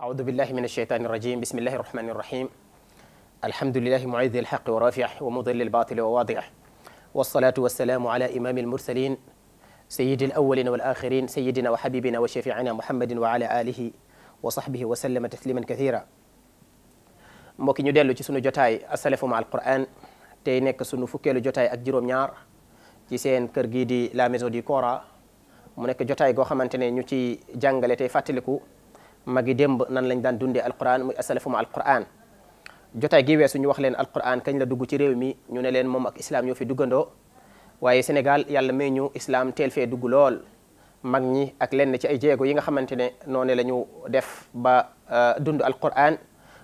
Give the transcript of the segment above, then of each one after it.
أعوذ بالله من الشيطان الرجيم بسم الله الرحمن الرحيم الحمد لله معيذ الحق ورافع ومضل الباطل وواضح والصلاة والسلام على إمام المرسلين سيد الأولين والآخرين سيدنا وحبيبنا وشفيعنا محمد وعلى آله وصحبه وسلم تسليما كثيرا مبكي نيو ديلو سي سونو جوتاي السلف مع القران تي نيك سونو فوكيل جوتاي اك جيروم ñar سي سين كير جي دي لا ميزو دي كورا مو نيك جوتاي غو خامتاني نيو سي جانغالي تي فاتليكو magi démb nan lañ dan dundé alquran muy asalafu ma alquran jotay gi wessu ñu wax leen alquran kañ la dugg ci rew mi ñu ne leen mom ak islam ñofi duggando waye Sénégal yàlla may ñu islam tel fe dugg lool mag ñi ak lenn ci ay jéego yi nga xamantene noné lañu def ba dund alquran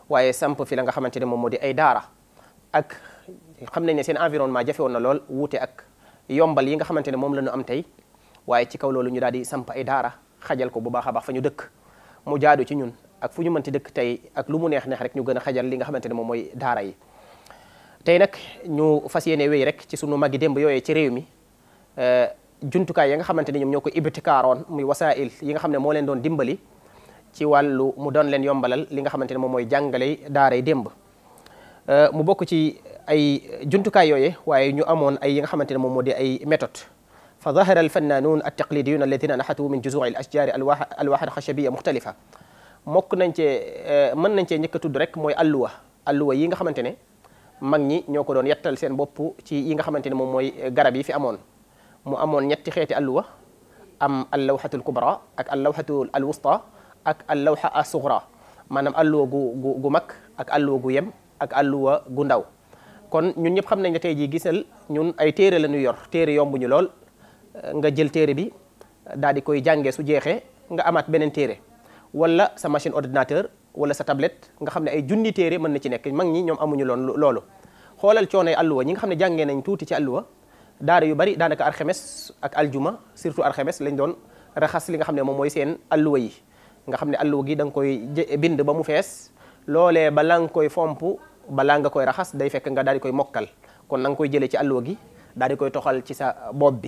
waye samp fi la nga xamantene mom modi ay daara ak xam nañ ne seen environnement jafewoon na lool wuté ak yombal yi nga xamantene mom lañu am tay waye ci kaw loolu ñu daldi samp ay daara xajal ko bu baax baax dëkk mu jaadu ci ñun ak fu ñu mënti dëkk tey ak lu mu neex neex rek ñu gën a xajal li nga xamante ne moom mooy daara yi tey nag ñu fas yéene wéy rek ci sunu magi demb yooyee ci réew mi euh, juntukaay ya nga xamante ne ñoom ñoo ko ibtikaaroon muy wasail yi nga xam ne moo leen doon ci wàllu mu doon leen yombalal li nga xamante ne moom mooy jàngale daaray démb euh, mu bokk ci ay juntukaay yooye waaye ñu amoon ay yi nga xamante ne moom moo di ay méthode فظهر الفنانون التقليديون الذين نحتوا من جذوع الاشجار الواح الخشبيه مختلفه موك نانتي آه، من نانتي نيك تود رك موي الوا الوا ييغا خامتيني ماك ني نيوكو دون ياتال سين بوبو تي ييغا خامتيني موم موي غرابي في امون مو امون نيتي خيتي الوا ام اللوحه الكبرى اك اللوحه الوسطى اك اللوحه الصغرى مانام الوا غو غو ماك اك الوا غو يم اك الوا غو ndaw كون نيون نيب خامنا ني تايجي غيسل نيون اي تيري لا نيو يور تيري يومبو ني لول nga jël téré bi daal di koy jàngee su jeexee nga amaat beneen téere wala sa machine ordinateur wala sa tablette nga xam ne ay junni téere mën na ci nekk mag ñi ñoom amuñu loon loolu xoolal coonoy alluwa ñi nga xam ne jàngee nañ tuuti ci alluwa daara yu bari daanaka arxemes ak aljuma surtout arxemes lañ doon raxas li nga xam ne moom mooy seen alluwa yi nga xam ne alluwa gi da nga koy bind ba mu fees loolee balaa nga koy fomp balaa nga koy raxas day fekk nga daal di koy mokkal kon na nga koy jëlee ci alluwa gi daal di koy toxal ci sa bopp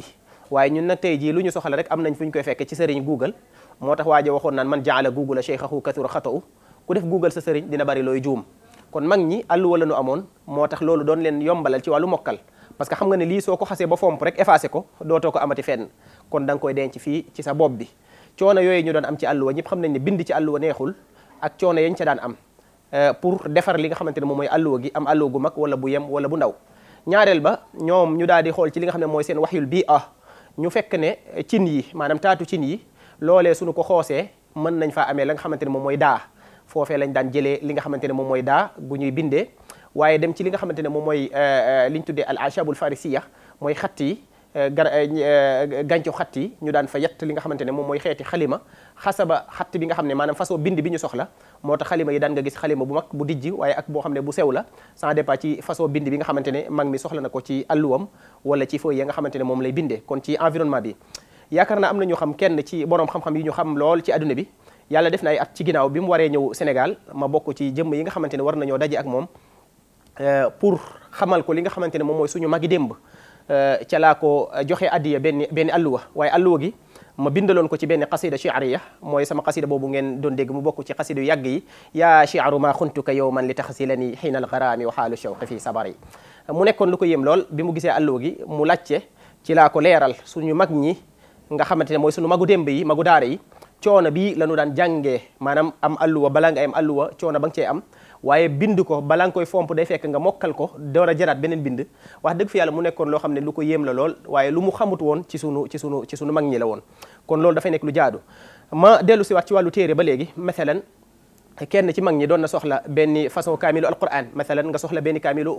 waaye ñun nag tey jii lu ñu soxla rek am nañ fu ñu koy fekke ci sëriñ google moo tax waajo waxoon naan man jaala google a cheikhahu kathura xata u ku def google sa sëriñ dina bari looy juum kon mag ñi àlluwa la nu amoon moo tax loolu doon leen yombalal ci wàllu mokkal parce que xam nga ne lii soo ko xasee ba fomp rek effacé ko dootoo ko amati fenn kon da koy denc fii sa bopp bi coono yooyu ñu doon am ci àlluwa ñëpp xam nañ ne bind ci àlluwa neexul ak coono yañ ca daan am euh, pour defar li nga xamante ne moom mooy àlluwa gi am àlluwa gu mag wala bu yem wala bu ndaw ñaareel ba ñoom ñu daal di xool ci li nga xam ne mooy seen waxyul bii ah ñu fekk ne cin yi maanaam taatu cin yi loolee suñu ko xoosee mën nañ fa amee la nga xamante ne moom mooy daa foofee lañ daan jëlee li nga xamante ne moom mooy daa ñuy bindee waaye dem ci li nga xamante ne moom mooy liñ tuddee al ashabul farisiya mooy xatt yi Eh, gar eh, eh, gàncax xatt yi ñu daan fa yett li nga xamante ne moom mooy xeeti xalima xasaba xatt bi nga xam ne maanaam façon bind bi ñu soxla moo tax xalima yi daan gis xalima bu mag bu dijj waaye ak boo xam ne bu sew la sans dépend ci façon bi nga xamante ne mag mi soxla na ko ci alluwam wala ci fooy ya nga xamante ne moom lay bindee kon ci environnement bi yaakaar na am na ñu xam kenn ci borom xam-xam yi ñu xam lool ci adduna bi yàlla def na ay at ci ginnaaw bi mu waree ñëw Sénégal ma bokk ci jëmm yi nga xamante ne war nañoo daje ak moom pour xamal ko li nga xamante ne moom mooy suñu magi démb Eh, ca laa ko eh, joxe addiya benn benn alluwa waaye alluwa gi ma bindaloon ko ci benn qasida shiariya mooy sama qasida boobu ngeen doon dégg mu bokk ci qasidu yàgg yi yaa chiaru ma xuntuka yowman li taxsilani xiina algaraami wa xaalu shawqi fi sabari eh, mu nekkoon lu ko yéem lool bi mu gisee alluwa gi mu làcce ci laa ko leeral suñu mag ñi nga xamante ne mooy suñu magu démb yi magu daara yi coono bii la ñu daan jàngee maanaam am alluwa bala nga am alluwa coono ba nga cee am waye bind ko balaa nga koy fomp day fekk nga mokal ko door a jaraat beneen bind wax deug fi yàlla mu nekkon lo xamne lu ko yem la lol waye lu mu xamut won ci sunu ci sunu ci sunu magni la won kon lol da fay nek lu jaadu ma delu ci waat ci walu téré ba léegi mathalan kenn ci magni ñi na soxla ben façon kamilu alquran mathalan nga soxla ben kamilu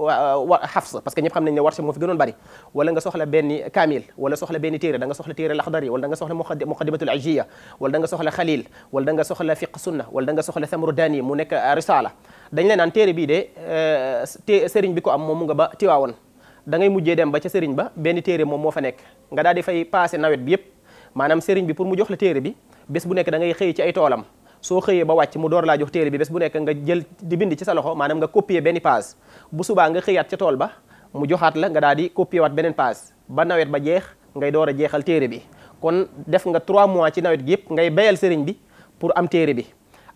xafs parce que ñep xamnañ ne warsh mo fi gënon bari wala nga soxla ben kamil wala soxla ben téré da nga soxla téere laxdari wala da nga soxla muqaddimatul ajiya wala da nga soxla khalil wala da nga soxla fiq sunnah wala da nga soxla samrudani mu nek risala dañ leen naan téere bii de eh, té sëriñ bi ko am moom mu nga ba Tiwaawoon da ngay mujjee dem ba ca sëriñ ba benn téere moom moo fa nekk nga daal di fay passé nawet bi yëpp maanaam sëriñ bi pour mu jox la téere bi bés bu nekk da ngay ci ay toolam soo xëyee ba mu door laa jox téere bi bés bu nekk nga jël di bind ci sa loxo maanaam nga copier benn page bu subaa nga xëyaat ca tool ba mu joxaat la nga daal di copier waat beneen paas ba nawet ba jeex ngay door a jeexal téere bi kon def nga trois mois ci nawet gi yëpp ngay bayal sëriñ bi pour am téere bi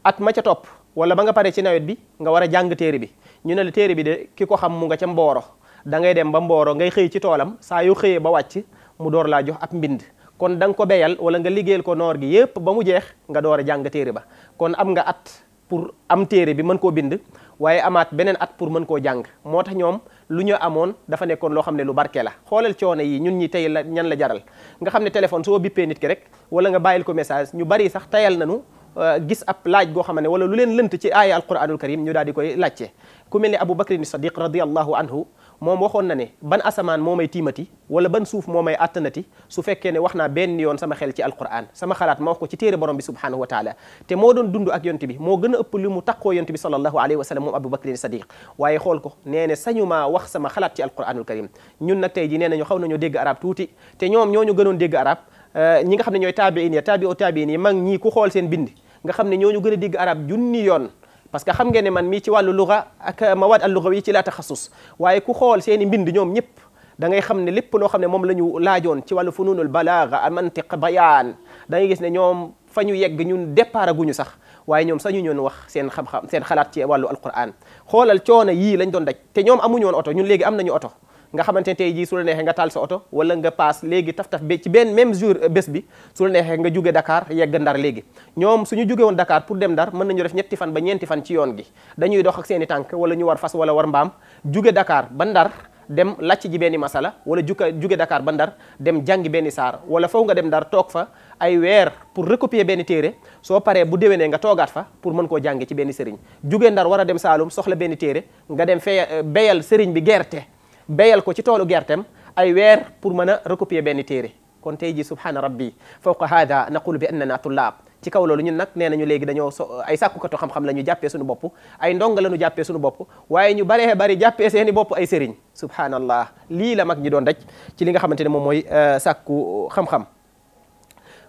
at ma ca topp wala ba nga pare ci nawet bi nga war a jàng téere bi ñu ne la téere bi de ki ko xam mu nga ca mbooro da ngay dem ba mbooro ngay xëy ci toolam saa yu xëyee ba wàcc mu door laa jox ab mbind kon da ko beyal wala nga liggéeyal ko noor gi yépp ba mu jeex nga door a jàng téere ba kon am nga at pour am téere bi mën koo bind waaye amaat beneen at pour mën koo jàng moo tax ñoom lu ñu amoon dafa nekkoon loo xam ne lu barke la xoolal coono yi ñun ñi tey la ñan la jaral nga xam ne téléphone soo bippee nit rek wala nga bàyyil ko message ñu bari sax tayal nañu gis ab laaj goo xam ne wala lu leen lënt ci aaya alquranul karim ñu daal di koy laajte ku mel abou Abu ni Sadiq radiyallahu anhu moom waxoon na ne ban asamaan moo may tiimati wala ban suuf moo may àttanati su fekkee ne wax naa benn yoon sama xel ci alquran sama xalaat ma wax ko ci téere borom bi subhanahu wa taala te moo doon dund ak yonte bi moo gën a ëpp lu mu takkoo yonte bi sallallahu alayhi wa sallam moom Abu ni Sadiq waaye xool ko nee ne sañu wax sama xalaat ci alquranul karim ñun nag tey ji nee nañu xaw nañoo dégg arab tuuti te ñoom ñooñu gënoon dégg arab ñi nga xam ne ñooy taabiin ya taabi o taabiin yi mag ñii ku xool seen bindi nga xamne ñoñu gëna dig arab jooni yoon parce que xam ngeen ne man mi ci walu lugha ak mawad al lughawi ci la taxasus waye ku xol seen mbind ñom ñep da ngay xamne lépp lo xamne mom lañu lajoon ci walu fununul balagha al mantiq bayan da ngay gis ne ñom fañu yegg ñun départ guñu sax waye ñom sañu ñoon wax seen xam-xam seen xalaat ci walu al qur'an xolal coono yi lañ doon daj te ñom amuñu won auto ñun legi am nañu oto nga xamante ne tey jii su la neexee nga taal sa oto nga paas léegi taf-taf ba ci benn même jour euh, bés bi su la neexee nga jóge Dakar yegg Ndar léegi ñoom suñu jóge woon Dakar pour dem Ndar mën nañu def ñetti ba ñeenti fan ci yoon gi dañuy dox ak seeni tànk wala ñu war fas wala war mbaam jóge Dakar ba Ndar dem làcc ji benn masala wala jukka jóge Dakar ba Ndar dem jàngi benn saar wala faw nga dem Ndar toog fa ay weer pour recopier benn téere soo paree bu déwénee nga toogaat fa pour mën koo jànge ci benn sëriñ jóge Ndar war a dem Saalum soxla benn téere nga dem fee euh, béyal sëriñ bi gerte béyal ko ci toolu gertem ay weer pour mën a recopier benn téere kon tey ji subhaana rabbi fawqa hada naqulu bi annana tullaab ci kaw loolu ñun nag nee nañu léegi dañoo so ay sàkkukatu xam-xam la ñu jàppee suñu bopp ay ndonga la ñu jàppee suñu bopp waaye ñu baree bari jàppee seeni bopp ay sëriñ subhaanallah lii la mag ñi doon daj ci li nga xamante ne moom mooy euh, sakku xam-xam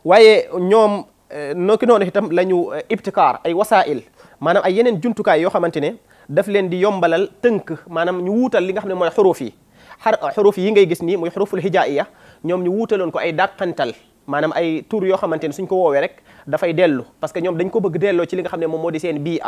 waaye ñoom euh, noo ki noonu itam la ñu euh, ibtikaar ay wasaa'il maanaam ay yeneen jumtukaay yoo xamante ne daf leen di yombalal tënk maanaam ñu wuutal li nga xam ne mooy xuruf yi xar yi ngay gis nii muy xuruful hijaaiya ñoom ñu wuutaloon ko ay dàqantal maanaam ay tur yoo xamante ne suñ ko woowee rek dafay dellu parce que ñoom dañ ko bëgg delloo ci li nga xam ne moom moo di seen bii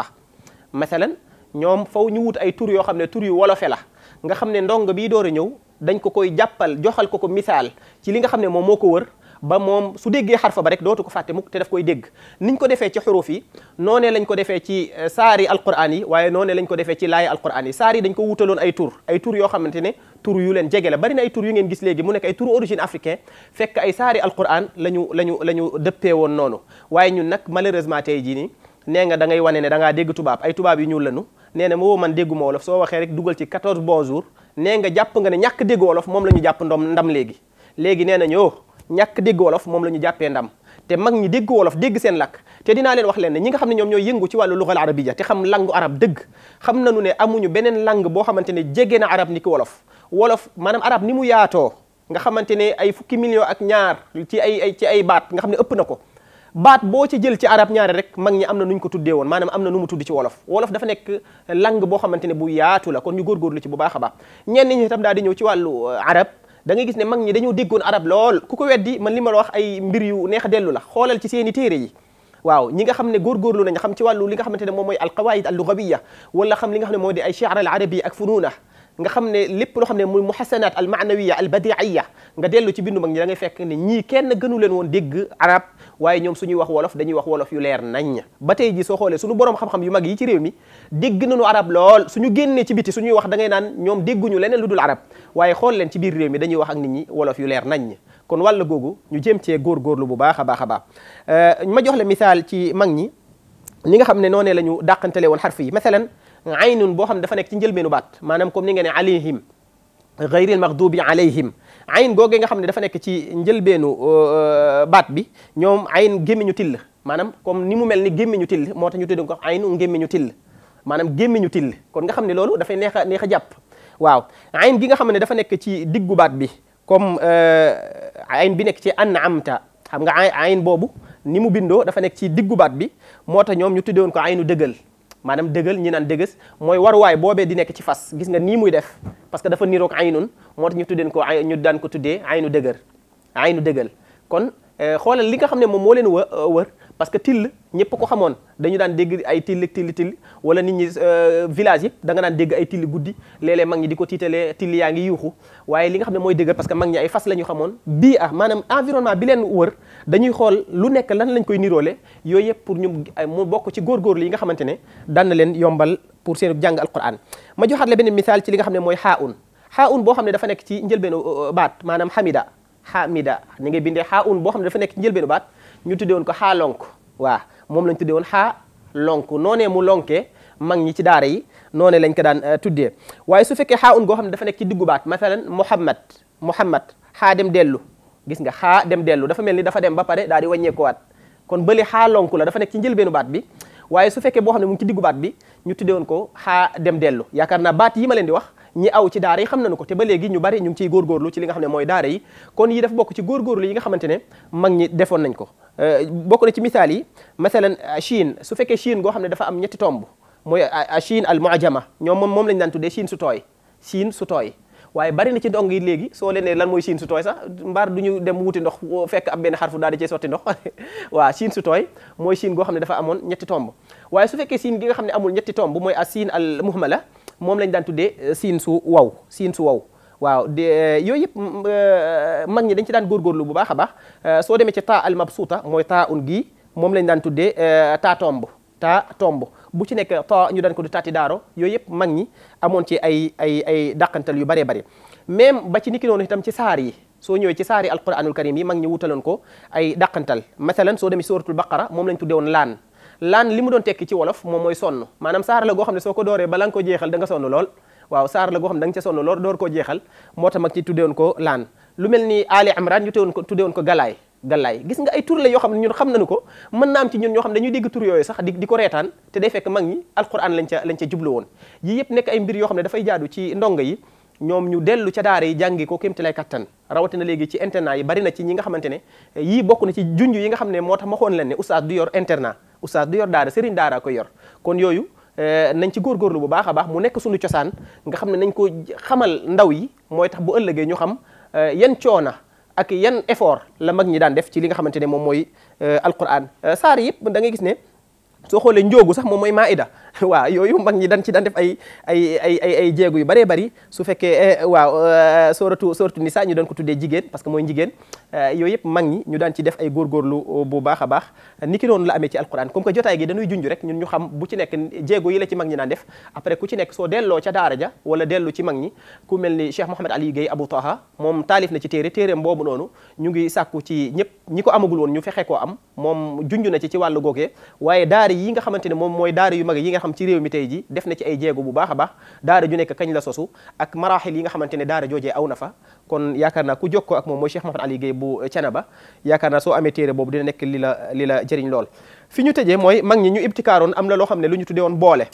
ñoom faw ñu wut ay tur yoo xam ne tur yu wolofe la nga xam ne ndong bii door a ñëw dañ ko koy jàppal joxal ko ko misaal ci li nga xam ne moom moo ko wër ba mom su déggé harfa ba rek dootu ko fàtte mukk te daf koy dégg niñ ko défé ci hurufi noné lañ ko défé ci sari alqur'ani wayé noné lañ ko défé ci lay alqur'ani sari dañ ko wutaloon ay tour ay tour yo xamanténé tour yu len jege bari na ay tour yu ngeen gis légui mu nek ay tour origine africain fekk ay sari alquran lañu lañu lañu déppé won nonu wayé ñun nak malheureusement tay ji ni né nga da ngay wane ne da nga dégg tubab ay tubab yu ñu lanu né né mo man déggu mo wolof so waxé rek duggal ci 14 bonjour né nga jàpp nga ne ñak dégg wolof mom lañu jàpp ndom ndam légui légui né nañu ñàkk dégg wolof moom la ñu jàppee ndam te mag ñi dégg wolof dégg seen lakk te dinaa leen wax leen ne ñi nga xam ne ñoom ñooy yëngu ci wàllu lugal arabiya te xam langu arab dëgg xam nañu ne amuñu beneen lang boo xamante ne jege na arab ni ki wolof wolof maanaam arab ni mu yaatoo nga xamante ne ay fukki million ak ñaar ci ay ci ay baat nga xam ne ëpp na ko baat boo ci jël ci arab ñaare rek mag ñi am na nuñ ko tuddee woon maanaam am na nu mu tudd ci wolof wolof dafa nekk lang boo xamante ne bu yaatula kon ñu góorgóorlu ci bu baax a baax ñeen ñi tam daal di ñëw ci wàllu euh, arab danga ngay gis ne mag ñi dañoo déggoon arab lool ku ko weddi man li ma wax ay mbir yu neex dellu la xoolal ci seeni téere yi waaw ñi nga xam ne góorgóorlu nañ xam ci wàllu li nga xamante ne moom mooy alqawaid allugawiya wala xam li nga xam ne moo di ay shi'r al arabi ak fununa nga xamne lépp lo xamne muy muhasanaat al ma'nawiyya al badi'iyya nga delu ci bindu mag ñi da ngay fekk ni ñi kenn gënu leen won dégg arab waye ñom suñu wax wolof dañuy wax wolof yu leer nañ ba tay ji so xolé suñu borom xam-xam yu mag yi ci rew mi dégg nañu arab lool suñu génné ci biti suñu wax da ngay naan ñoom dégguñu leneen luddul arab waye xol leen ci biir rew mi dañuy wax ak nit ñi wolof yu leer nañ kon wal gogu ñu jëm ci gor gor lu bu baax a ba euh ma jox la misal ci mag ñi ni nga xamne noné lañu dakantale won harfi mesela xarf aynun boo xam dafa nekk ci njëlbeenu baat maanaam comme ni nga ne alayhim gayril maxdubi alayhim ayn googe nga xam ne dafa nekk ci njëlbeenu euh, euh, baat bi ñoom ayn gémmiñu till maanaam comme ni mu mel ni gémmiñu till moo tax ñu tudd ko aynu gémmiñu till maanaam gémmiñu till kon nga xam ne loolu dafay neex a neex a jàpp waaw ayn gi nga xam ne dafa nekk ci diggu baat bi comme euh, ayn bi nekk ci anna amta xam nga ayn boobu ni mu bindoo dafa nekk ci diggu baat bi moo tax ñoom ñu tuddewoon ko aynu dëggal maanaam dëgal ñi naan dëgës mooy waruwaay boobee di nekk ci fas gis nga nii muy def parce que dafa niroog aynun moo tax ñu tuddeen ko ñu daan ko tuddee aynu dëgër aynu dëgal kon eh, xoolal li nga xam ne moom moo leen wër parce que till ñëpp ko xamoon dañu daan dégg ay till till till wala nit euh, da nga daan dégg ay till guddi léeg-léeg mag ñi di ko tiitalee till yaa ngi yuuxu waaye li nga xam ne mooy dëggal parce que mag ñi ay fas la ñu xamoon bii ah maanaam environnement bi leen wër dañuy xool lu nekk lan lañ koy niroole yooyu yëpp pour ñu mu bokk ci góorgóorlu yi nga xamante ne daan leen yombal pour seen jàng alquran ma joxaat la benn misaal ci li nga xam ne mooy xaaun xaaun boo xam ne dafa nekk ci njëlbeenu euh, baat maanaam xamida xamida ni ngay bindee boo xam ne nekk ci baat ñu tudde woon ko xaa lonk waa moom lañ tudde woon xaa noonee mu lonkee mag ñi ci daara yi noonee lañ ko daan euh, tuddee waaye su fekkee xaa un goo xam ne dafa nekk ci diggu baat mathalan muhammad muhammad xaa dem dellu gis nga xaa dem dellu dafa mel ni dafa dem ba pare daal di wàññeekuwaat kon bële xaa lonk la dafa nekk ci njëlbeenu baat bi waaye su fekkee boo xam ne mu ngi ci diggu baat bi ñu tuddee woon ko xaa dem dellu yaakaar naa baat yi ma leen di wax ñi aw ci daara yi na nañu ko te ba léegi ñu bari ñu ngi ciy góorgóorlu ci li xam ne mooy daara yi kon yi dafa bokk ci góorgóorlu yi nga xamante ne mag ñi defoon nañ ko Euh, bokk na ci misaal yi masalan euh, Chine su fekkee Chine goo xam ne dafa am ñetti tomb mooy euh, Chine al muajama ñoom moom moom lañu daan tuddee Chine su tooy Chine su tooy waaye bari na ci ndong yi léegi soo leen lan mooy Chine su tooy sax mbaar du ñu wuti ndox fekk ab benn xarfu daal di cee sotti ndox waaw Chine su mooy Chine goo xam ne dafa amoon ñetti tomb su fekkee Chine gi nga xam ne amul ñetti tomb mooy a Chine al muhmala moom lañ daan tuddee Chine su waw Chine su waw waaw eh, yooyu yëpp mm, eh, mag ñi dañ ci daan góorgóorlu bu baax a eh, soo demee ci taa al mabsuuta mooy taa un gii moom lañ daan tuddee taa tomb taa tomb bu ci nekk taa ñu daan ko du taati daaro yooyu yëpp mag ñi amoon ci ay ay ay dàqantal yu bëree bëri même ba ci niki noonu itam ci saar yi soo ñëwee ci saari alquranul karim yi mag ñi wutaloon ko ay dàqantal mathalan soo demee suratul baqara moom lañ tuddee woon laan laan li doon tekki ci wolof moom mooy sonn maanaam saar la goo xam ne soo ko ko jeexal da nga sonn waaw saar la goo xam ne da nga ca sonn lool door koo jeexal moo tax mag ci tuddewoon ko laan lu mel ni Ali Imran ñu tewoon ko ko galaay galaay gis nga ay tur la yoo xam ne ñun xam nañu ko mën naa am ci ñun ñoo xam ne dañuy dégg tur yooyu sax te fekk mag ñi alquran lañ ca lañ ca jublu yëpp nekk ay mbir yoo xam ne dafay jaadu ci ndongo yi ñoom ñu dellu ca daara yi jàngi ko kémti lay kattan rawatina léegi ci internat yi bari na ci ñi nga xamante ne yii bokk na ci junj yi nga xam ne moo tax ma xoon leen ne oustaz du yor internat oustaz du yor daara sëriñ daara ko yor kon yooyu Euh, nañ ci góorgóorlu bu baax a baax mu nekk suñu cosaan nga xam ne nañ ko xamal ndaw yi mooy tax bu ëllëgee ñu xam euh, yan coona ak yan effort la mag ñi daan def ci li nga xamante ne moom mooy euh, alquran saar yëpp da ngay gis ne soo xoolee njoogu sax moom mooy ma ida waaw yooyu mag ñi dañ ci daan def ay ay ay ay ay su fekkee eh, eh, waaw eh, sooratu sooratu nisa ñu doon ko tuddee jigéen parce que mooy jigéen yooyu yëpp mag ñi ñu daan ci def ay góorgóorlu oh, bu baax a baax ni ki noonu la amee ci alquran comme que jotaay gi dañuy junj rek ñun ñu xam bu ci nekk jéego yi la ci mag ñi daan def après ku ci nekk soo delloo ca daara ja wala dellu ci mag ñi ku mel ni Cheikh Mouhamed Aliou Guèye Abou Taha moom taalif na ci téere téereem boobu noonu ñu ngi sàkku ci ñëpp ko am moom junj na ci ci wàllu googee waaye daara yi nga xamante ne moom mooy daara yu yi nga xam ci réew mi tey ji def na ci ay jéego bu baaxa baax daara ju nekk kañ la sosu ak maraaxil yi nga xamantene daara jojé aw na fa kon yaakaar naa ku jokkoo ak moom mooy Cheikh Mouhamed Ali Guèye bu Thiénaba yaakaar naa soo amee téere boobu dina nekk li la li la jëriñ lool fi ñu tëjee mooy mag ñi ñu ibtikaaroon am na loo xam ne lu ñu tuddee woon boole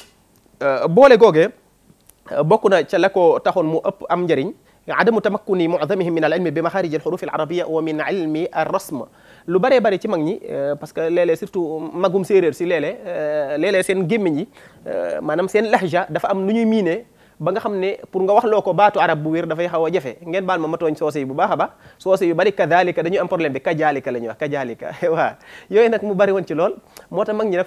boole googee bokk na ca la ko taxoon mu ëpp am njëriñ عدم tamakkuni معظمهم من العلم بمخارج الحروف العربية ومن علم الرسم lu baree bari ci mag ñi euh, parce que léeg surtout magum séeréer si léeg-léeg euh, léeg seen gémmiñ yi euh, maanaam seen laxja dafa am lu ñuy miinee ba nga xam ne pour nga wax loo ko baatu arab bu wér dafay xaw a jafe ngeen baal ma ma tooñ soose yi bu baax a baax soose yu bari kadalika dañuy am problème bi kajalika la mu bari woon lool moo tax mag ñi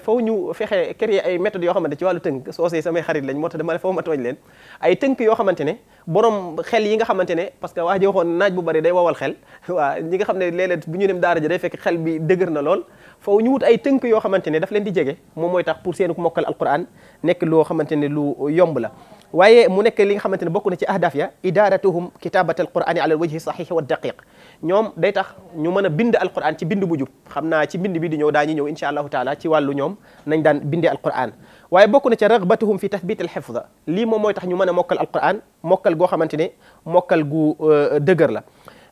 fexe créer ay méthodes yoo xamante ci wàllu tënk soose yi samay xarit lañ moo tax dama ne faw ma tooñ leen ay tënk yoo xamante borom xel yi nga xamante ne parce que waa ji waxoon naaj bu bari day wawal xel waaw xam ne léeg-léeg bu ñu daara day fekk xel bi dëgër na lool faw ñu wut ay tënk yoo xamante ne daf leen di jege moom mooy tax pour seen mokkal alquran nekk loo xamante ne lu yomb la waaye mu nekk li nga xamante ne bokk na ci ahdaf ya idaratuhum kitabat alqurani ala alwajhi saxihi wa daqiq ñoom day tax ñu mën a bind alquran ci bind bu jub xam naa ci bind bi di ñëw daañu ñëw insha allahu taala ci wàllu ñoom nañ daan bindee alquran waaye bokk na ci ragbatuhum fi tathbit alxifda lii moom mooy tax ñu mën a mokkal alquran mokkal goo xamante ne mokkal gu euh, dëgër la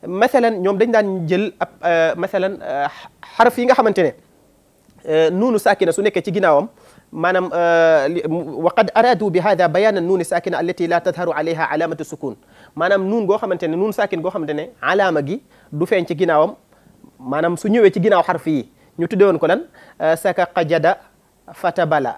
mathalan ñoom dañ daan jël ab euh, mathalan euh, xaraf yi nga xamante ne nuunu saakina su nekkee ci ginnaawam maanaam euh, wa qad aradu bi hada bayana nuuni saakina allati la tadharu alayha alaamatu sukun maanaam nuun goo xamante ne nuun saakin goo xamante ne alaama gi du feeñ ci ginnaawam maanaam su ñëwee ci ginnaaw xarf yi ñu tuddewoon ko lan euh, saka qajada fatabala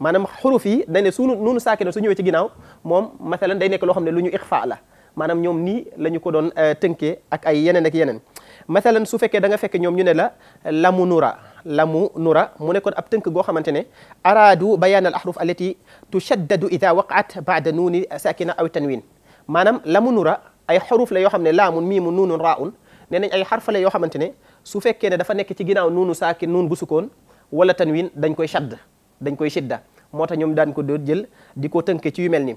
maanaam xuruf yi dañ ne suñu nuunu saakina su ñëwee ci ginnaaw moom mathalan day nekk loo xam ne lu ñu ixfa la maanaam ñoom nii la ñu ko doon euh, tënkee ak ay yeneen ak yeneen mathalan su fekkee da nga fekk ñoom ñu ne la lamunura lamu nura mu nekkoon ab tënk goo xamante ne araadu al ahruf allati tushaddadu ida waqaat baada nuuni sakina aw tanwin maanaam lamu nura ay xaruf la yoo xam ne laamun miimun nuunun raaun ay xarfa la yoo xamante ne su fekkee ne dafa nekk ci ginnaaw nuunu saakin nuun bu sukkoon wala tanwin dañ koy shadd dañ koy shidda moo tax ñoom daan ko doon jël di ko tënk ci yu mel ni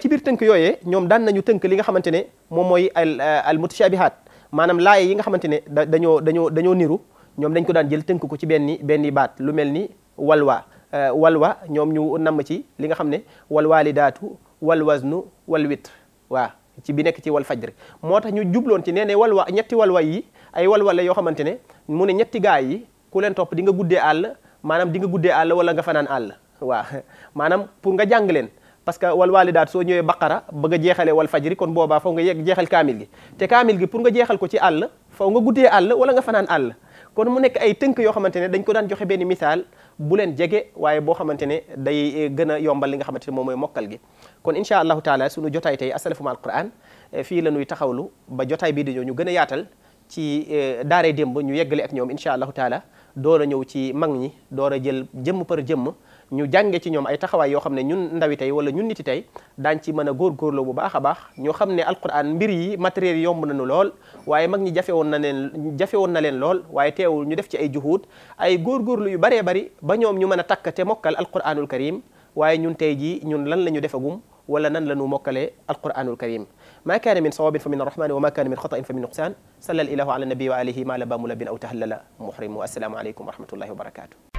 ci biir tënk yooyee ñoom daan nañu tënk li nga xamante ne moom al al mutashabihat maanaam laaye yi nga xamante dañoo dañoo dañoo niru ñoom dañ ko daan jël tënk ko ci benni benn baat lu mel ni walwa euh, walwa ñoom ñu namm ci li nga xam ne walwaalidaatu walwaznu walwitr waa ci bi nekk ci wal fajri moo tax ñu jubloon ci nee ne walwa ñetti walwa yi ay walwa la yoo xamante ne mun ne ñetti gaay yi ku leen topp di nga guddee àll maanaam di nga guddee àll wala nga fanaan àll waaw maanaam pour nga jàng leen parce que wal waalidaat soo ñëwee baqara bëgg a jeexalee wal fajri kon boobaa faw nga yegg jeexal kaamil gi te kaamil gi pour nga jeexal ko ci àll faw nga guddee àll wala nga fanaan àll kon mu nekk ay tënk yoo xamante ne dañ ko daan joxe benn misaal bu leen jege waaye boo xamante ne day eh, gën a yombal li nga xamante ne moom mooy mokkal gi kon incha allahu taala sunu jotaay tey asalafu ma alquran eh, fii la ñuy taxawlu ba jotaay bii di ñëw ñu gën a yaatal ci eh, daaree démb ñu yeggale ak ñoom incha allahu taala door a ñëw ci mag ñi door a jël jëmm par jëmm ñu jànge ci ñom ay taxaway yo xamné ñun ndawi tay wala ñun nit tay dañ ci mëna gor gorlo bu baaxa baax ñu xamné alquran mbir yi matériel yomb nañu lool waye mag ñi jafe won na leen jafe won na leen lool waye teewul ñu def ci ay juhud ay gor góorgóorlu yu baree bari ba ñom ñu mëna a te mokal alquranul karim waye ñun tay ji ñun lan lañu defagum ولا نن لنو مكلي القرآن الكريم ما كان من صواب فمن الرحمن وما كان من خطأ فمن نقصان صلى الله على النبي وآله ما لبى ملب أو تهلل محرم والسلام عليكم ورحمة الله وبركاته